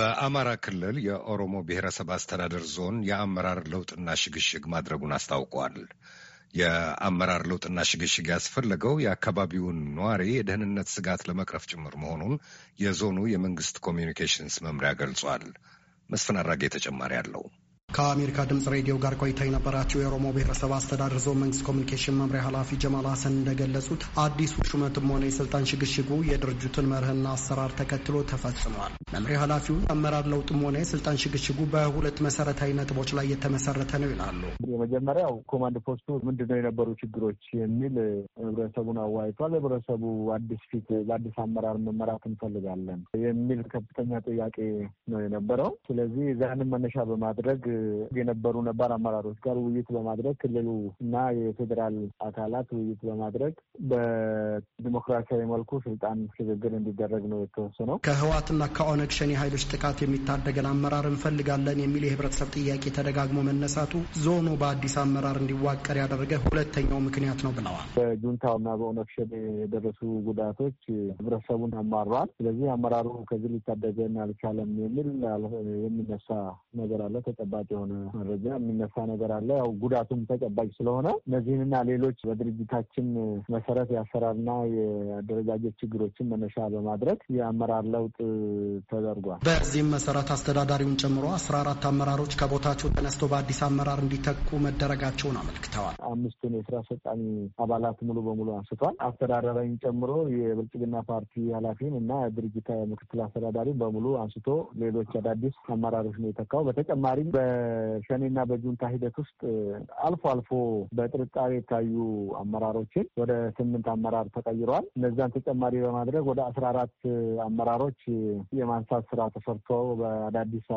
በአማራ ክልል የኦሮሞ ብሔረሰብ አስተዳደር ዞን የአመራር ለውጥና ሽግሽግ ማድረጉን አስታውቋል። የአመራር ለውጥና ሽግሽግ ያስፈለገው የአካባቢውን ነዋሪ የደህንነት ስጋት ለመቅረፍ ጭምር መሆኑን የዞኑ የመንግስት ኮሚዩኒኬሽንስ መምሪያ ገልጿል። መስፍን አራጌ ተጨማሪ አለው። ከአሜሪካ ድምጽ ሬዲዮ ጋር ቆይታ የነበራቸው የኦሮሞ ብሔረሰብ አስተዳደር ዞን መንግስት ኮሚኒኬሽን መምሪያ ኃላፊ ጀማል ሀሰን እንደገለጹት አዲሱ ሹመትም ሆነ የስልጣን ሽግሽጉ የድርጅቱን መርህና አሰራር ተከትሎ ተፈጽሟል። መምሪያ ኃላፊው አመራር ለውጥም ሆነ የስልጣን ሽግሽጉ በሁለት መሰረታዊ ነጥቦች ላይ የተመሰረተ ነው ይላሉ። የመጀመሪያው ኮማንድ ፖስቱ ምንድነው የነበሩ ችግሮች የሚል ህብረተሰቡን አዋይቷል። ህብረተሰቡ አዲስ ፊት በአዲስ አመራር መመራት እንፈልጋለን የሚል ከፍተኛ ጥያቄ ነው የነበረው። ስለዚህ ዛንም መነሻ በማድረግ የነበሩ ነባር አመራሮች ጋር ውይይት በማድረግ ክልሉ እና የፌዴራል አካላት ውይይት በማድረግ በዲሞክራሲያዊ መልኩ ስልጣን ሽግግር እንዲደረግ ነው የተወሰነው። ከህወሓትና ከኦነግ ሸኔ ኃይሎች ጥቃት የሚታደገን አመራር እንፈልጋለን የሚል የህብረተሰብ ጥያቄ ተደጋግሞ መነሳቱ ዞኑ በአዲስ አመራር እንዲዋቀር ያደረገ ሁለተኛው ምክንያት ነው ብለዋል። በጁንታውና በኦነግ ሸኔ የደረሱ ጉዳቶች ህብረተሰቡን አማሯል። ስለዚህ አመራሩ ከዚህ ሊታደገን አልቻለም የሚል የሚነሳ ነገር አለ ተጨባጭ የሆነ መረጃ የሚነሳ ነገር አለ። ያው ጉዳቱም ተጨባጭ ስለሆነ እነዚህንና ሌሎች በድርጅታችን መሰረት የአሰራርና የአደረጃጀት ችግሮችን መነሻ በማድረግ የአመራር ለውጥ ተደርጓል። በዚህም መሰረት አስተዳዳሪውን ጨምሮ አስራ አራት አመራሮች ከቦታቸው ተነስተው በአዲስ አመራር እንዲተኩ መደረጋቸውን አመልክተዋል። አምስቱን የስራ አስፈጻሚ አባላት ሙሉ በሙሉ አንስቷል። አስተዳዳሪን ጨምሮ የብልጽግና ፓርቲ ኃላፊን እና ድርጅታ ምክትል አስተዳዳሪ በሙሉ አንስቶ ሌሎች አዳዲስ አመራሮች ነው የተካው። በተጨማሪም በሸኔና በጁንታ ሂደት ውስጥ አልፎ አልፎ በጥርጣሬ የታዩ አመራሮችን ወደ ስምንት አመራር ተቀይረዋል። እነዛን ተጨማሪ በማድረግ ወደ አስራ አራት አመራሮች የማንሳት ስራ ተሰርቶ በአዳዲስ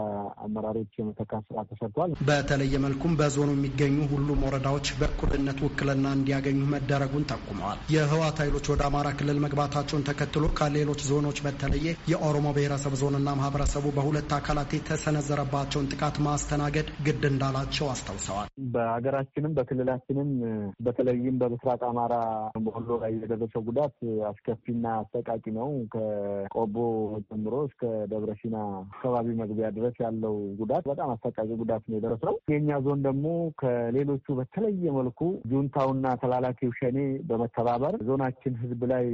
አመራሮች የመተካት ስራ ተሰርቷል። በተለየ መልኩም በዞኑ የሚገኙ ሁሉም ወረዳዎች በእኩልነት ውክልና እንዲያገኙ መደረጉን ጠቁመዋል። የህወሓት ኃይሎች ወደ አማራ ክልል መግባታቸውን ተከትሎ ከሌሎች ዞኖች በተለየ የኦሮሞ ብሔረሰብ ዞንና ማህበረሰቡ በሁለት አካላት የተሰነዘረባቸውን ጥቃት ማስተናገ ማስተናገድ ግድ እንዳላቸው አስታውሰዋል። በሀገራችንም በክልላችንም በተለይም በምስራቅ አማራ በወሎ ላይ የደረሰው ጉዳት አስከፊና አሰቃቂ ነው። ከቆቦ ጀምሮ እስከ ደብረሲና አካባቢ መግቢያ ድረስ ያለው ጉዳት በጣም አሰቃቂ ጉዳት ነው የደረሰው። የእኛ ዞን ደግሞ ከሌሎቹ በተለየ መልኩ ጁንታውና ተላላኪው ሸኔ በመተባበር ዞናችን ህዝብ ላይ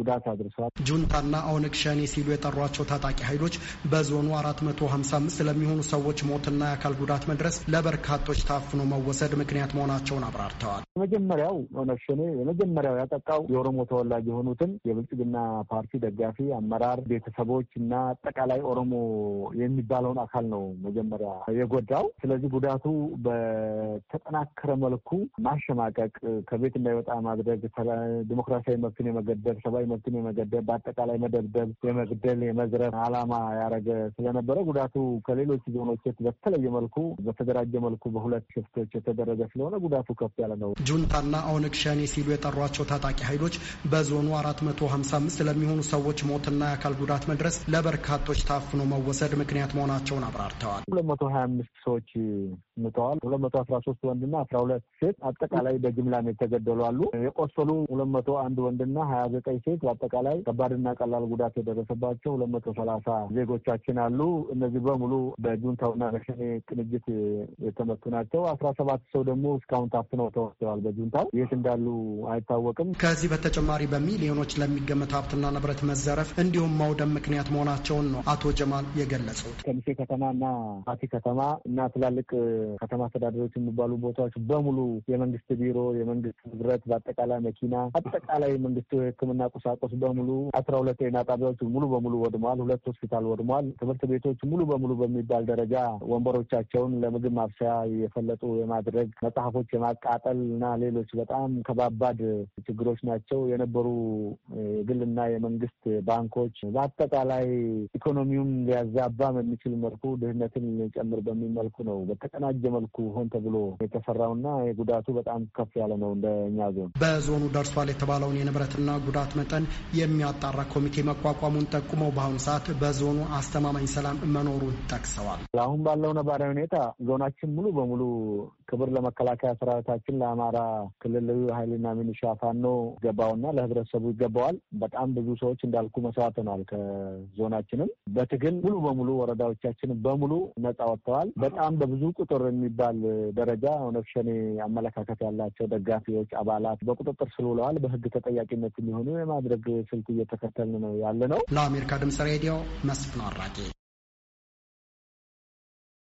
ጉዳት አድርሰዋል። ጁንታና ኦነግ ሸኔ ሲሉ የጠሯቸው ታጣቂ ኃይሎች በዞኑ አራት መቶ ሀምሳ አምስት ለሚሆኑ ሰዎች ሞትና የአካል አካል ጉዳት መድረስ ለበርካቶች ታፍኖ መወሰድ ምክንያት መሆናቸውን አብራርተዋል። የመጀመሪያው ኦነግሸኔ የመጀመሪያው ያጠቃው የኦሮሞ ተወላጅ የሆኑትን የብልጽግና ፓርቲ ደጋፊ አመራር ቤተሰቦች እና አጠቃላይ ኦሮሞ የሚባለውን አካል ነው መጀመሪያ የጎዳው። ስለዚህ ጉዳቱ በተጠናከረ መልኩ ማሸማቀቅ፣ ከቤት እንዳይወጣ ማድረግ፣ ዲሞክራሲያዊ መብትን የመገደብ፣ ሰብአዊ መብትን የመገደብ፣ በአጠቃላይ መደብደብ፣ የመግደል፣ የመዝረፍ አላማ ያደረገ ስለነበረ ጉዳቱ ከሌሎች ዞኖች በተለየ መልኩ በተደራጀ መልኩ በሁለት ሽፍቶች የተደረገ ስለሆነ ጉዳቱ ከፍ ያለ ነው። ጁንታና ኦነግ ሸኔ ሲሉ የጠሯቸው ታጣቂ ኃይሎች በዞኑ አራት መቶ ሀምሳ አምስት ለሚሆኑ ሰዎች ሞትና የአካል ጉዳት መድረስ ለበርካቶች ታፍኖ መወሰድ ምክንያት መሆናቸውን አብራርተዋል። ሁለት መቶ ሀያ አምስት ሰዎች ምተዋል። ሁለት መቶ አስራ ሶስት ወንድና አስራ ሁለት ሴት አጠቃላይ በጅምላ ነው የተገደሉ አሉ። የቆሰሉ ሁለት መቶ አንድ ወንድና ሀያ ዘጠኝ ሴት በአጠቃላይ ከባድና ቀላል ጉዳት የደረሰባቸው ሁለት መቶ ሰላሳ ዜጎቻችን አሉ። እነዚህ በሙሉ በጁንታውና በሸኔ ቅንጅት የተመቱ ናቸው። አስራ ሰባት ሰው ደግሞ እስካሁን ታፍነው ተወስደዋል በጁንታው የት እንዳሉ አይታወቅም። ከዚህ በተጨማሪ በሚሊዮኖች ለሚገመት ሀብትና ንብረት መዘረፍ እንዲሁም ማውደም ምክንያት መሆናቸውን ነው አቶ ጀማል የገለጹት። ከሚሴ ከተማ እና አቲ ከተማ እና ትላልቅ ከተማ አስተዳደሮች የሚባሉ ቦታዎች በሙሉ የመንግስት ቢሮ፣ የመንግስት ንብረት በአጠቃላይ መኪና፣ አጠቃላይ መንግስት የህክምና ቁሳቁስ በሙሉ አስራ ሁለት ጤና ጣቢያዎች ሙሉ በሙሉ ወድመዋል። ሁለት ሆስፒታል ወድመዋል። ትምህርት ቤቶች ሙሉ በሙሉ በሚባል ደረጃ ወንበሮች ልጆቻቸውን ለምግብ ማብሰያ የፈለጡ የማድረግ መጽሐፎች የማቃጠል እና ሌሎች በጣም ከባባድ ችግሮች ናቸው የነበሩ የግልና የመንግስት ባንኮች በአጠቃላይ ኢኮኖሚውን ሊያዛባ በሚችል መልኩ ድህነትን ሊጨምር በሚል መልኩ ነው በተቀናጀ መልኩ ሆን ተብሎ የተሰራውና የጉዳቱ በጣም ከፍ ያለ ነው። እንደ እኛ ዞን በዞኑ ደርሷል የተባለውን የንብረትና ጉዳት መጠን የሚያጣራ ኮሚቴ መቋቋሙን ጠቁመው በአሁኑ ሰዓት በዞኑ አስተማማኝ ሰላም መኖሩን ጠቅሰዋል። አሁን ባለው ነባሪ በተመሳሳይ ሁኔታ ዞናችን ሙሉ በሙሉ ክብር ለመከላከያ ሰራዊታችን ለአማራ ክልል ኃይልና ሚኒሻ ፋኖ ይገባውና ለህብረተሰቡ ይገባዋል። በጣም ብዙ ሰዎች እንዳልኩ መስዋዕት ሆነዋል። ከዞናችንም በትግል ሙሉ በሙሉ ወረዳዎቻችን በሙሉ ነጻ ወጥተዋል። በጣም በብዙ ቁጥር የሚባል ደረጃ ኦነግ ሸኔ አመለካከት ያላቸው ደጋፊዎች፣ አባላት በቁጥጥር ስር ውለዋል። በህግ ተጠያቂነት የሚሆኑ የማድረግ ስልት እየተከተልን ነው ያለ ነው። ለአሜሪካ ድምጽ ሬዲዮ መስፍን አራጌ